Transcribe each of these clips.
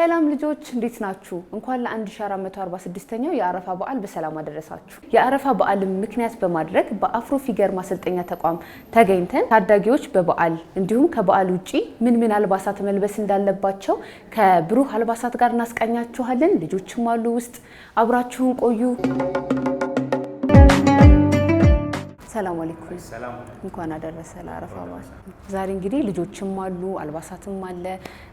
ሰላም ልጆች እንዴት ናችሁ? እንኳን ለ1446ኛው የአረፋ በዓል በሰላም አደረሳችሁ። የአረፋ በዓልን ምክንያት በማድረግ በአፍሮ ፊገር ማሰልጠኛ ተቋም ተገኝተን ታዳጊዎች በበዓል እንዲሁም ከበዓል ውጪ ምን ምን አልባሳት መልበስ እንዳለባቸው ከብሩህ አልባሳት ጋር እናስቃኛችኋለን። ልጆችም አሉ ውስጥ፣ አብራችሁን ቆዩ። ሰላም አለይኩም እንኳን አደረሰ ለአረፋ በዓል። ዛሬ እንግዲህ ልጆችም አሉ አልባሳትም አለ።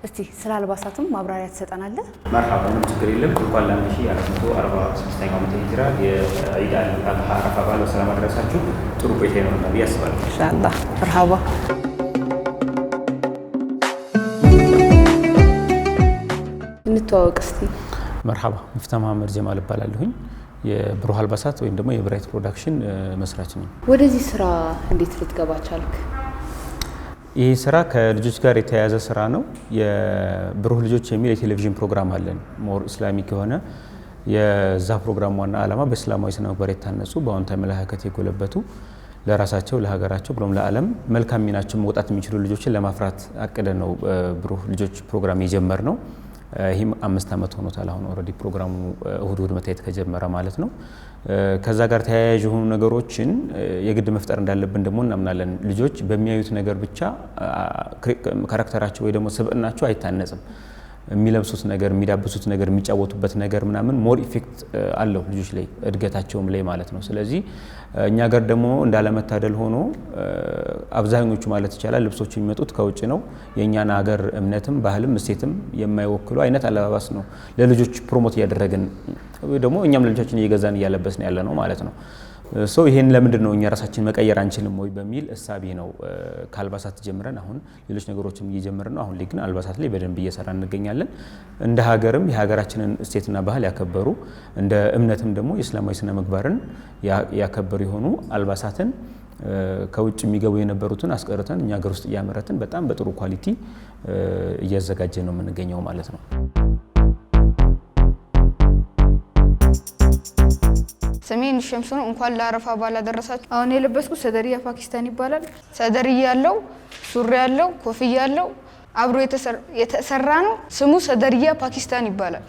እስቲ ስለ አልባሳትም ማብራሪያ ትሰጠናለህ? መርሃባ ምንም ችግር የለም። እንኳን ለአንድ ሺ አራት መቶ አርባ ስድስተኛው ዓመተ ሂጅራ የዒድ አል አድሃ አረፋ በዓል በሰላም አደረሳችሁ። ጥሩ ቆይታ ይኖር ብዬ አስባለሁ። ኢንሻላህ መርሃባ እንተዋወቅ እስቲ። መርሃባ ሙፍታ መሀመድ ጀማል እባላለሁኝ የብሩህ አልባሳት ወይም ደግሞ የብራይት ፕሮዳክሽን መስራች ነኝ። ወደዚህ ስራ እንዴት ልትገባ ቻልክ? ይህ ስራ ከልጆች ጋር የተያያዘ ስራ ነው። የብሩህ ልጆች የሚል የቴሌቪዥን ፕሮግራም አለን፣ ሞር ኢስላሚክ የሆነ የዛ ፕሮግራም ዋና ዓላማ በእስላማዊ ስነ ምግባር የታነጹ በአዎንታዊ አመለካከት የጎለበቱ ለራሳቸው ለሀገራቸው ብሎም ለዓለም መልካም ሚናቸው መውጣት የሚችሉ ልጆችን ለማፍራት አቅደ ነው ብሩህ ልጆች ፕሮግራም የጀመር ነው። ይህም አምስት ዓመት ሆኖታል። አሁን ኦልሬዲ ፕሮግራሙ እሁድ እሁድ መታየት ከጀመረ ማለት ነው። ከዛ ጋር ተያያዥ የሆኑ ነገሮችን የግድ መፍጠር እንዳለብን ደግሞ እናምናለን። ልጆች በሚያዩት ነገር ብቻ ካራክተራቸው ወይ ደግሞ ስብዕናቸው አይታነጽም። የሚለብሱት ነገር የሚዳብሱት ነገር የሚጫወቱበት ነገር ምናምን ሞር ኢፌክት አለው ልጆች ላይ እድገታቸውም ላይ ማለት ነው። ስለዚህ እኛ ጋር ደግሞ እንዳለመታደል ሆኖ አብዛኞቹ ማለት ይቻላል ልብሶች የሚመጡት ከውጭ ነው። የእኛን ሀገር እምነትም ባህልም እሴትም የማይወክሉ አይነት አለባባስ ነው ለልጆች ፕሮሞት እያደረግን ደግሞ እኛም ለልጆቻችን እየገዛን እያለበስን ያለ ነው ማለት ነው። ሰው ይሄን ለምንድን ነው እኛ ራሳችን መቀየር አንችልም ወይ በሚል እሳቤ ነው ከአልባሳት ጀምረን አሁን ሌሎች ነገሮችም እየጀመርን ነው። አሁን ላይ ግን አልባሳት ላይ በደንብ እየሰራ እንገኛለን። እንደ ሀገርም የሀገራችንን እሴትና ባህል ያከበሩ እንደ እምነትም ደግሞ የእስላማዊ ስነ ምግባርን ያከበሩ የሆኑ አልባሳትን ከውጭ የሚገቡ የነበሩትን አስቀርተን እኛ ሀገር ውስጥ እያመረትን በጣም በጥሩ ኳሊቲ እያዘጋጀ ነው የምንገኘው ማለት ነው። ስሜን ሸምሱ ነው። እንኳን ለአረፋ በዓል አደረሳችሁ። አሁን የለበስኩት ሰደርያ ፓኪስታን ይባላል። ሰደርያ ያለው ሱሪ ያለው ኮፍያ ያለው አብሮ የተሰራ ነው። ስሙ ሰደርያ ፓኪስታን ይባላል።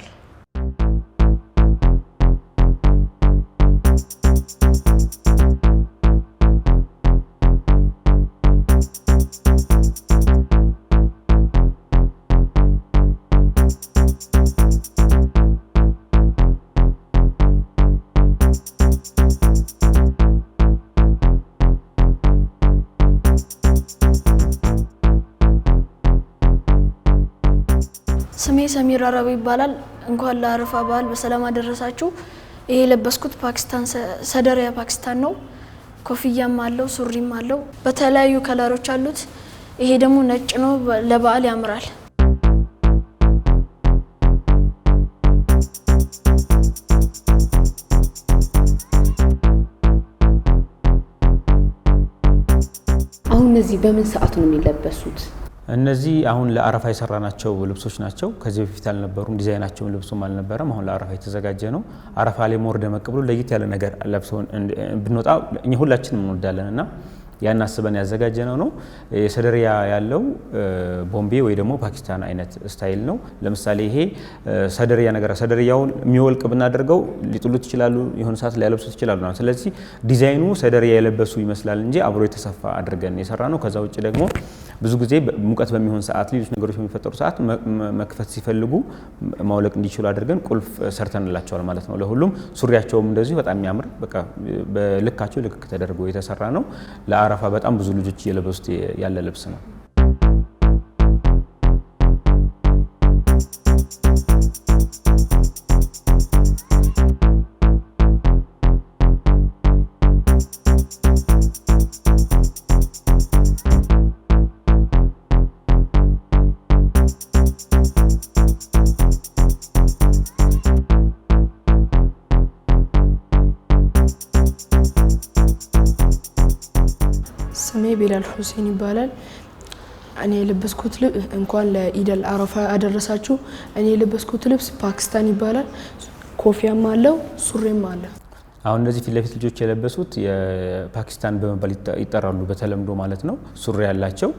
ስሜ ሰሚር አረብ ይባላል። እንኳን ለአረፋ በዓል በሰላም አደረሳችሁ። ይሄ የለበስኩት ፓኪስታን ሰደሪያ ፓኪስታን ነው። ኮፍያም አለው ሱሪም አለው። በተለያዩ ከለሮች አሉት። ይሄ ደግሞ ነጭ ነው። ለበዓል ያምራል። አሁን እነዚህ በምን ሰዓት ነው የሚለበሱት? እነዚህ አሁን ለአረፋ የሰራናቸው ልብሶች ናቸው። ከዚህ በፊት አልነበሩም። ዲዛይናቸውን ልብሱም አልነበረም። አሁን ለአረፋ የተዘጋጀ ነው። አረፋ ላይ ሞር ደመቅ ብሎ ለየት ያለ ነገር ለብሰውን ብንወጣ እኛ ሁላችንም እንወዳለን እና ያን አስበን ያዘጋጀ ነው ነው የሰደሪያ ያለው ቦምቤ ወይ ደግሞ ፓኪስታን አይነት ስታይል ነው። ለምሳሌ ይሄ ሰደሪያ ነገር ሰደሪያውን የሚወልቅ ብናደርገው ሊጥሉት ይችላሉ፣ የሆነ ሰዓት ሊያለብሱት ይችላሉ። ስለዚህ ዲዛይኑ ሰደሪያ የለበሱ ይመስላል እንጂ አብሮ የተሰፋ አድርገን የሰራ ነው። ከዛ ውጭ ደግሞ ብዙ ጊዜ ሙቀት በሚሆን ሰዓት፣ ሌሎች ነገሮች በሚፈጠሩ ሰዓት መክፈት ሲፈልጉ ማውለቅ እንዲችሉ አድርገን ቁልፍ ሰርተንላቸዋል ማለት ነው። ለሁሉም ሱሪያቸውም እንደዚሁ በጣም የሚያምር በቃ በልካቸው ልክክ ተደርጎ የተሰራ ነው። ለአረፋ በጣም ብዙ ልጆች እየለበሱት ያለ ልብስ ነው። ቢላል ሁሴን ይባላል። እኔ የለበስኩት ልብስ እንኳን ለኢደል አረፋ አደረሳችሁ። እኔ የለበስኩት ልብስ ፓኪስታን ይባላል። ኮፊያም አለው ሱሬም አለ። አሁን እነዚህ ፊት ለፊት ልጆች የለበሱት የፓኪስታን በመባል ይጠራሉ በተለምዶ ማለት ነው። ሱሪ ያላቸው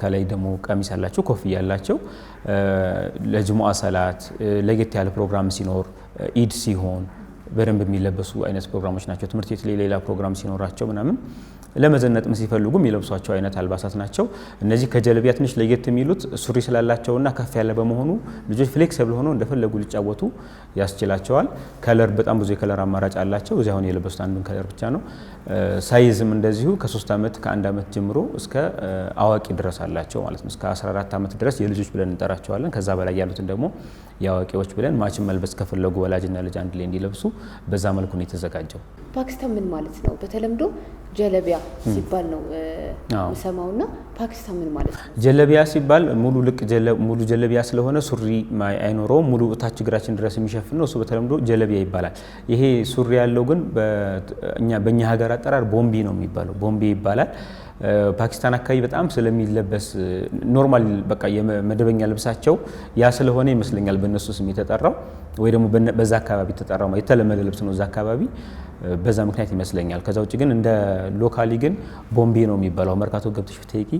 ከላይ ደግሞ ቀሚስ ያላቸው ኮፍያ ያላቸው ለጅሙዓ ሰላት ለየት ያለ ፕሮግራም ሲኖር ኢድ ሲሆን በደንብ የሚለበሱ አይነት ፕሮግራሞች ናቸው። ትምህርት ቤት ላይ ሌላ ፕሮግራም ሲኖራቸው ምናምን ለመዘነጥም ሲፈልጉ የሚለብሷቸው አይነት አልባሳት ናቸው። እነዚህ ከጀልቢያ ትንሽ ለየት የሚሉት ሱሪ ስላላቸውና ከፍ ያለ በመሆኑ ልጆች ፍሌክሲብል ሆነው እንደፈለጉ ሊጫወቱ ያስችላቸዋል። ከለር በጣም ብዙ የከለር አማራጭ አላቸው። እዚህ አሁን የለበሱት አንዱን ከለር ብቻ ነው። ሳይዝም እንደዚሁ ከሶስት ዓመት ከአንድ ዓመት ጀምሮ እስከ አዋቂ ድረስ አላቸው ማለት ነው። እስከ 14 ዓመት ድረስ የልጆች ብለን እንጠራቸዋለን። ከዛ በላይ ያሉትን ደግሞ የአዋቂዎች ብለን ማችን መልበስ ከፈለጉ ወላጅና ልጅ አንድ ላይ እንዲለብሱ በዛ መልኩ ነው የተዘጋጀው። ፓኪስታን ምን ማለት ነው? በተለምዶ ጀለቢያ ሲባል ነው የምሰማውና ፓኪስታን ምን ማለት ነው? ጀለቢያ ሲባል ሙሉ ልቅ ሙሉ ጀለቢያ ስለሆነ ሱሪ አይኖረውም። ሙሉ እታች እግራችን ድረስ የሚሸፍን ነው። እሱ በተለምዶ ጀለቢያ ይባላል። ይሄ ሱሪ ያለው ግን በእኛ ሀገር አጠራር ቦምቢ ነው የሚባለው፣ ቦምቢ ይባላል። ፓኪስታን አካባቢ በጣም ስለሚለበስ ኖርማል በቃ የመደበኛ ልብሳቸው ያ ስለሆነ ይመስለኛል በእነሱ ስም የተጠራው ወይ ደግሞ በዛ አካባቢ የተጠራው የተለመደ ልብስ ነው እዛ አካባቢ በዛ ምክንያት ይመስለኛል። ከዛ ውጭ ግን እንደ ሎካሊ ግን ቦምቤ ነው የሚባለው። መርካቶ ገብተሽ ብትሄቂ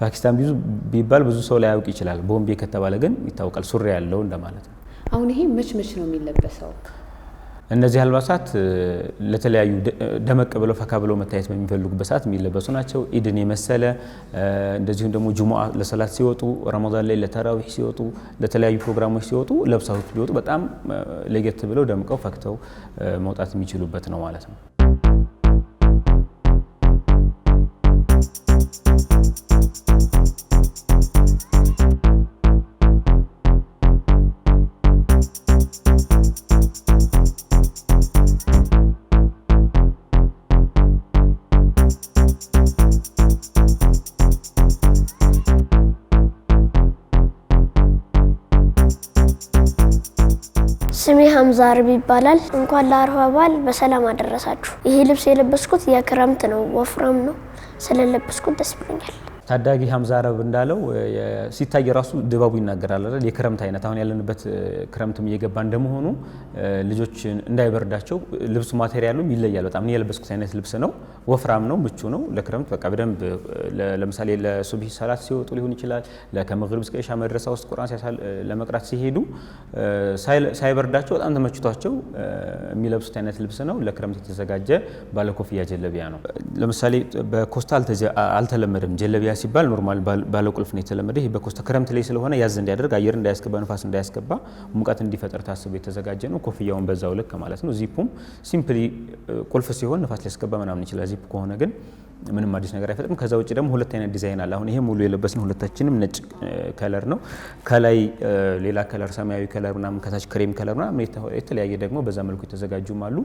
ፓኪስታን ብዙ ቢባል ብዙ ሰው ላይ ያውቅ ይችላል። ቦምቤ ከተባለ ግን ይታወቃል። ሱሪ ያለው እንደማለት ነው። አሁን ይሄ መች መች ነው የሚለበሰው? እነዚህ አልባሳት ለተለያዩ ደመቅ ብለው ፈካ ብለው መታየት በሚፈልጉበት ሰዓት የሚለበሱ ናቸው። ኢድን የመሰለ እንደዚሁም ደግሞ ጅሙዓ ለሰላት ሲወጡ፣ ረመዳን ላይ ለተራዊሕ ሲወጡ፣ ለተለያዩ ፕሮግራሞች ሲወጡ ለብሳዎች ቢወጡ በጣም ለየት ብለው ደምቀው ፈክተው መውጣት የሚችሉበት ነው ማለት ነው። ስሜ ሀምዛ አርብ ይባላል። እንኳን ለአረፋ በዓል በሰላም አደረሳችሁ። ይሄ ልብስ የለበስኩት የክረምት ነው፣ ወፍራም ነው። ስለለበስኩት ደስ ብሎኛል። ታዳጊ ሀምዛ አረብ እንዳለው ሲታይ ራሱ ድባቡ ይናገራል አይደል? የክረምት አይነት አሁን ያለንበት ክረምትም እየገባ እንደመሆኑ ልጆች እንዳይበርዳቸው ልብሱ ማቴሪያሉም ይለያል በጣም። እኔ የለበስኩት አይነት ልብስ ነው፣ ወፍራም ነው፣ ምቹ ነው ለክረምት በቃ በደንብ ለምሳሌ ለሱብሂ ሰላት ሲወጡ ሊሆን ይችላል፣ ከመግሪብ እስከ ኢሻ መድረሳ ውስጥ ቁርአን ለመቅራት ሲሄዱ ሳይበርዳቸው በጣም ተመችቷቸው የሚለብሱት አይነት ልብስ ነው። ለክረምት የተዘጋጀ ባለኮፍያ ጀለቢያ ነው። ለምሳሌ በኮስታ አልተለመደም ጀለቢያ ሲባል ኖርማል ባለቁልፍ ነው የተለመደ። ይህ በኮስተ ክረምት ላይ ስለሆነ ያዝ እንዲያደርግ አየር እንዳያስገባ ንፋስ እንዳያስገባ ሙቀት እንዲፈጠር ታስቦ የተዘጋጀ ነው። ኮፍያውን በዛው ልክ ማለት ነው። ዚፑም ሲምፕሊ ቁልፍ ሲሆን ንፋስ ሊያስገባ ምናምን ይችላል። ዚፕ ከሆነ ግን ምንም አዲስ ነገር አይፈጥርም። ከዛ ውጭ ደግሞ ሁለት አይነት ዲዛይን አለ። አሁን ይሄ ሙሉ የለበስን ሁለታችንም ነጭ ከለር ነው። ከላይ ሌላ ከለር ሰማያዊ ከለር ምናምን፣ ከታች ክሬም ከለር ምናምን፣ የተለያየ ደግሞ በዛ መልኩ የተዘጋጁም አሉ።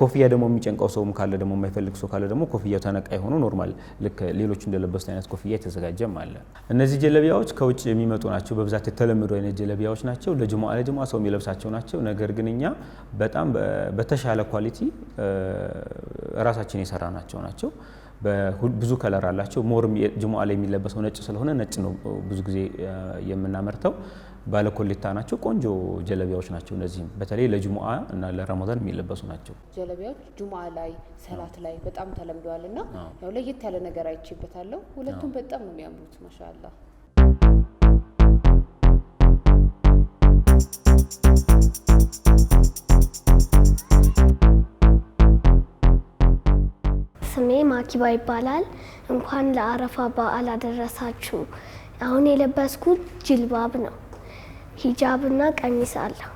ኮፍያ ደግሞ የሚጨንቀው ሰውም ካለ ደግሞ የማይፈልግ ሰው ካለ ደግሞ ኮፍያው ተነቃይ ሆኖ ኖርማል ልክ ሌሎቹ እንደለበሱት አይነት ኮፍያ የተዘጋጀም አለ። እነዚህ ጀለቢያዎች ከውጭ የሚመጡ ናቸው። በብዛት የተለመዱ አይነት ጀለቢያዎች ናቸው። ለጅማ ለጅማ ሰው የሚለብሳቸው ናቸው። ነገር ግን እኛ በጣም በተሻለ ኳሊቲ ራሳችን የሰራ ናቸው ናቸው ብዙ ከለር አላቸው። ሞርም ጅሙዓ ላይ የሚለበሰው ነጭ ስለሆነ ነጭ ነው ብዙ ጊዜ የምናመርተው። ባለኮሌታ ናቸው። ቆንጆ ጀለቢያዎች ናቸው። እነዚህም በተለይ ለጅሙዓ እና ለረመዳን የሚለበሱ ናቸው። ጀለቢያዎች ጅሙዓ ላይ ሰላት ላይ በጣም ተለምደዋል እና ያው ለየት ያለ ነገር አይቼበታለሁ። ሁለቱም በጣም ነው የሚያምሩት። ማሻአላህ ስሜ ማኪባ ይባላል። እንኳን ለአረፋ በዓል አደረሳችሁ። አሁን የለበስኩት ጅልባብ ነው። ሂጃብና ቀሚስ አለው።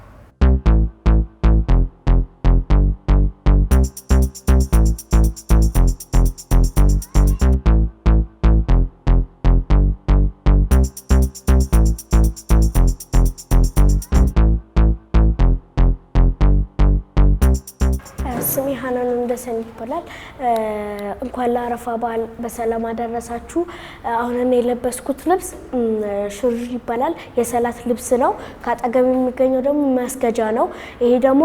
ሐናን እንደሰን ይባላል። እንኳን ለአረፋ በዓል በሰላም አደረሳችሁ። አሁን እኔ የለበስኩት ልብስ ሹሪ ይባላል። የሰላት ልብስ ነው። ከአጠገብ የሚገኘው ደግሞ መስገጃ ነው። ይሄ ደግሞ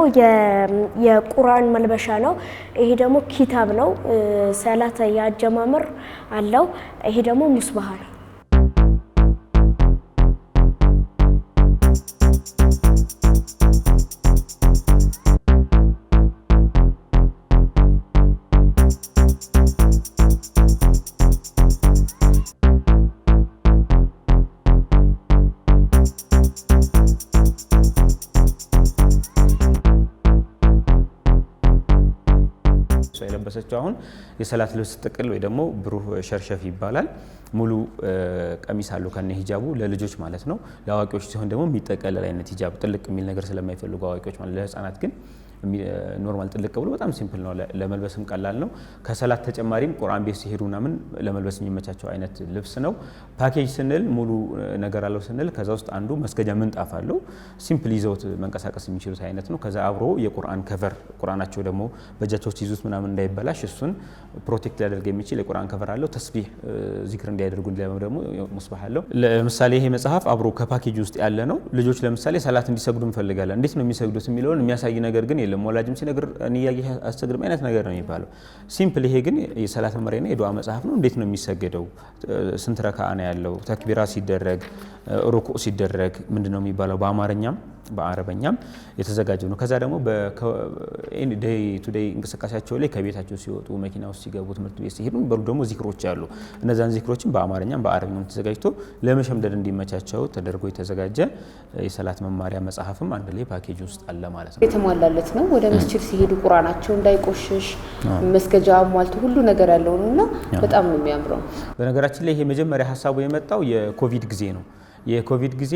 የቁርአን መልበሻ ነው። ይሄ ደግሞ ኪታብ ነው። ሰላት የአጀማመር አለው። ይሄ ደግሞ ሙስባሃ ነው። አሁን የሰላት ልብስ ጥቅል ወይ ደግሞ ብሩህ ሸርሸፍ ይባላል። ሙሉ ቀሚስ አለው ከነ ሂጃቡ ለልጆች ማለት ነው። ለአዋቂዎች ሲሆን ደግሞ የሚጠቀለል አይነት ሂጃብ ጥልቅ የሚል ነገር ስለማይፈልጉ አዋቂዎች ማለት ለህፃናት ግን ኖርማል ጥልቅ ብሎ በጣም ሲምፕል ነው። ለመልበስም ቀላል ነው። ከሰላት ተጨማሪም ቁርአን ቤት ሲሄዱ ምናምን ለመልበስ የሚመቻቸው አይነት ልብስ ነው። ፓኬጅ ስንል ሙሉ ነገር አለው ስንል ከዛ ውስጥ አንዱ መስገጃ ምንጣፍ አለው። ሲምፕል ይዘውት መንቀሳቀስ የሚችሉት አይነት ነው። ከዛ አብሮ የቁርአን ከቨር ቁርአናቸው ደግሞ በጀቶች ይዙት ምናምን እንዳይበላሽ እሱን ፕሮቴክት ሊያደርግ የሚችል የቁርአን ከቨር አለው። ተስቢህ ዚክር እንዲያደርጉ ደግሞ ሙስባህ አለው። ለምሳሌ ይሄ መጽሐፍ አብሮ ከፓኬጅ ውስጥ ያለ ነው። ልጆች ለምሳሌ ሰላት እንዲሰግዱ እንፈልጋለን። እንዴት ነው የሚሰግዱት የሚለውን የሚያሳይ ነገር ግን የለም። ወላጅም ሲነግር እያየህ አስቸግርም አይነት ነገር ነው የሚባለው። ሲምፕል። ይሄ ግን የሰላት መመሪያና የዱዓ መጽሐፍ ነው። እንዴት ነው የሚሰገደው? ስንት ረካአ ነው ያለው? ተክቢራ ሲደረግ ሩኩዕ ሲደረግ ምንድነው የሚባለው? በአማርኛም በአረበኛም የተዘጋጀ ነው። ከዛ ደግሞ ዴይ ቱ እንቅስቃሴያቸው ላይ ከቤታቸው ሲወጡ፣ መኪና ውስጥ ሲገቡ፣ ትምህርት ቤት ሲሄዱ በሉ ደግሞ ዚክሮች አሉ። እነዛን ዚክሮችን በአማርኛም በአረብኛም ተዘጋጅቶ ለመሸምደድ እንዲመቻቸው ተደርጎ የተዘጋጀ የሰላት መማሪያ መጽሐፍም አንድ ላይ ፓኬጅ ውስጥ አለ ማለት ነው። የተሟላለት ነው። ወደ መስጅድ ሲሄዱ ቁርአናቸው እንዳይቆሽሽ መስገጃ አሟልቶ ሁሉ ነገር ያለው ነው እና በጣም ነው የሚያምረው። በነገራችን ላይ ይሄ መጀመሪያ ሀሳቡ የመጣው የኮቪድ ጊዜ ነው። የኮቪድ ጊዜ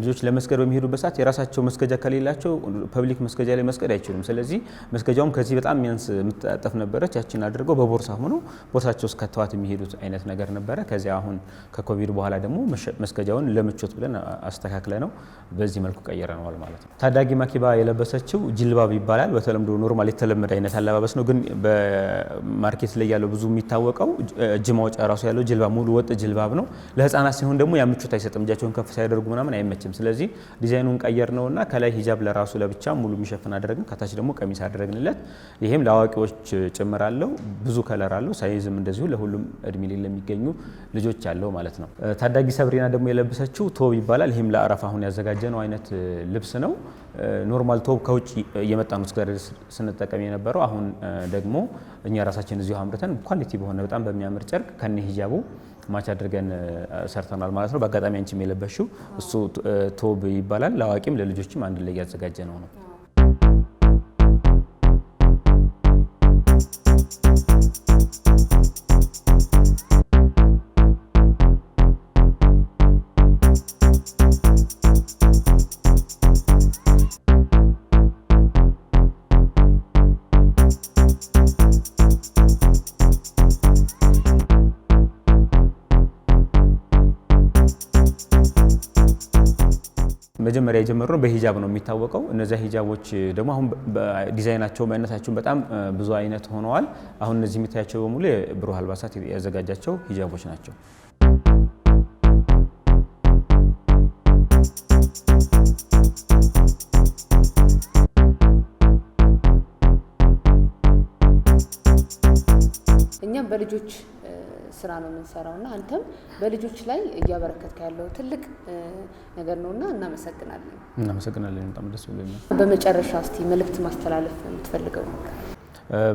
ልጆች ለመስገድ በሚሄዱበት ሰዓት የራሳቸው መስገጃ ከሌላቸው ፐብሊክ መስገጃ ላይ መስገድ አይችሉም። ስለዚህ መስገጃውም ከዚህ በጣም የሚያንስ የምትጣጠፍ ነበረች። ያችን አድርገው በቦርሳ ሆኖ ቦርሳቸው ውስጥ ከተዋት የሚሄዱት አይነት ነገር ነበረ። ከዚያ አሁን ከኮቪድ በኋላ ደግሞ መስገጃውን ለምቾት ብለን አስተካክለ ነው በዚህ መልኩ ቀየረ ነዋል ማለት ነው። ታዳጊ ማኪባ የለበሰችው ጅልባብ ይባላል። በተለምዶ ኖርማል የተለመደ አይነት አለባበስ ነው። ግን በማርኬት ላይ ያለው ብዙ የሚታወቀው እጅ ማውጫ ራሱ ያለው ጅልባብ ሙሉ ወጥ ጅልባብ ነው። ለህፃናት ሲሆን ደግሞ ያምቾት አይሰጥም። እጃቸውን ከፍ ሳያደርጉ ምናምን አይመችም። ስለዚህ ዲዛይኑን ቀየር ነውና ከላይ ሂጃብ ለራሱ ለብቻ ሙሉ የሚሸፍን አደረግን፣ ከታች ደግሞ ቀሚስ አደረግንለት። ይሄም ለአዋቂዎች ጭምር አለው። ብዙ ከለር አለው። ሳይዝም እንደዚሁ ለሁሉም እድሜ ላይ ለሚገኙ ልጆች አለው ማለት ነው። ታዳጊ ሰብሪና ደግሞ የለበሰችው ቶብ ይባላል። ይህም ለአረፋ አሁን ያዘጋጀ ነው አይነት ልብስ ነው። ኖርማል ቶብ ከውጭ እየመጣ ነው እስከ ስንጠቀም የነበረው። አሁን ደግሞ እኛ ራሳችን እዚሁ አምርተን ኳሊቲ በሆነ በጣም በሚያምር ጨርቅ ከነ ሂጃቡ ማች አድርገን ሰርተናል ማለት ነው። በአጋጣሚ አንቺ የለበሽው እሱ ቶብ ይባላል። ለአዋቂም ለልጆችም አንድ ላይ ያዘጋጀ ነው ነው መጀመሪያ የጀመረው በሂጃብ ነው የሚታወቀው። እነዚያ ሂጃቦች ደግሞ አሁን ዲዛይናቸው አይነታቸውን በጣም ብዙ አይነት ሆነዋል። አሁን እነዚህ የሚታያቸው በሙሉ የብሩህ አልባሳት ያዘጋጃቸው ሂጃቦች ናቸው። እኛም በልጆች ስራ ነው የምንሰራው እና አንተም በልጆች ላይ እያበረከትከ ያለው ትልቅ ነገር ነው እና እናመሰግናለን። እናመሰግናለን። በጣም ደስ ብሎኛል። በመጨረሻ እስቲ መልእክት ማስተላለፍ የምትፈልገው?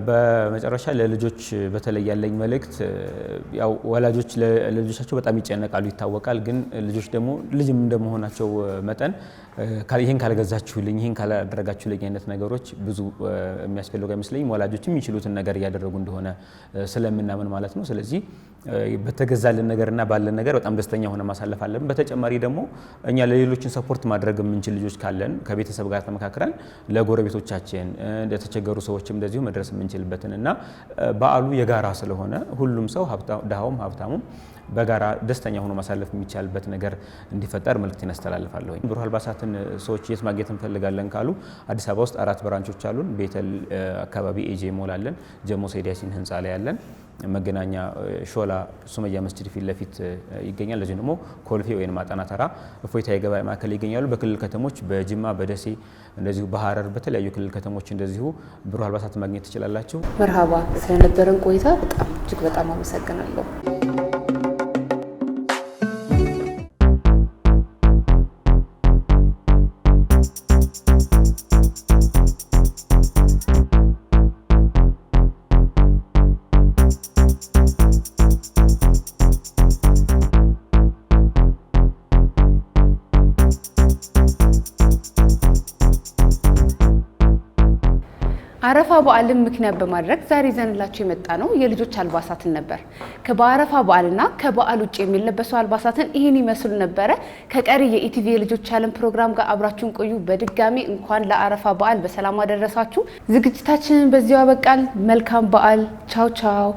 በመጨረሻ ለልጆች በተለይ ያለኝ መልእክት ያው ወላጆች ለልጆቻቸው በጣም ይጨነቃሉ ይታወቃል። ግን ልጆች ደግሞ ልጅም እንደመሆናቸው መጠን ይህን ካልገዛችሁልኝ ይህን ካላደረጋችሁልኝ አይነት ነገሮች ብዙ የሚያስፈልጉ አይመስለኝም። ወላጆች የሚችሉትን ነገር እያደረጉ እንደሆነ ስለምናምን ማለት ነው። ስለዚህ በተገዛልን ነገርና ባለን ነገር በጣም ደስተኛ ሆነ ማሳለፍ አለብን። በተጨማሪ ደግሞ እኛ ለሌሎችን ሰፖርት ማድረግ የምንችል ልጆች ካለን ከቤተሰብ ጋር ተመካክረን ለጎረቤቶቻችን ለተቸገሩ ሰዎችም እንደዚሁ መድረስ የምንችልበትን እና በዓሉ የጋራ ስለሆነ ሁሉም ሰው ድሃውም ሀብታሙም በጋራ ደስተኛ ሆኖ ማሳለፍ የሚቻልበት ነገር እንዲፈጠር መልክት ይነስተላልፋለሁ። ብሩህ አልባሳትን ሰዎች የት ማግኘት እንፈልጋለን ካሉ አዲስ አበባ ውስጥ አራት ብራንቾች አሉን። ቤተል አካባቢ ኤጄ ሞል አለን። ጀሞ ሴዲያሲን ህንፃ ላይ ያለን መገናኛ ሾላ ሱመያ መስጅድ ፊት ለፊት ይገኛል። ለዚህ ደግሞ ኮልፌ ወይም አጣና ተራ እፎይታ የገበያ ማዕከል ይገኛሉ። በክልል ከተሞች በጅማ በደሴ እንደዚሁ በሀረር በተለያዩ ክልል ከተሞች እንደዚሁ ብሩህ አልባሳት ማግኘት ትችላላችሁ። መርሃባ ስለነበረን ቆይታ በጣም እጅግ በጣም አመሰግናለሁ። በዓልን ምክንያት በማድረግ ዛሬ ይዘንላቸው የመጣ ነው የልጆች አልባሳትን ነበር። በአረፋ በዓልና ከበዓል ውጭ የሚለበሱ አልባሳትን ይህን ይመስሉ ነበረ። ከቀሪ የኢቲቪ የልጆች ዓለም ፕሮግራም ጋር አብራችሁን ቆዩ። በድጋሚ እንኳን ለአረፋ በዓል በሰላም አደረሳችሁ። ዝግጅታችንን በዚያው አበቃል። መልካም በዓል። ቻው ቻው።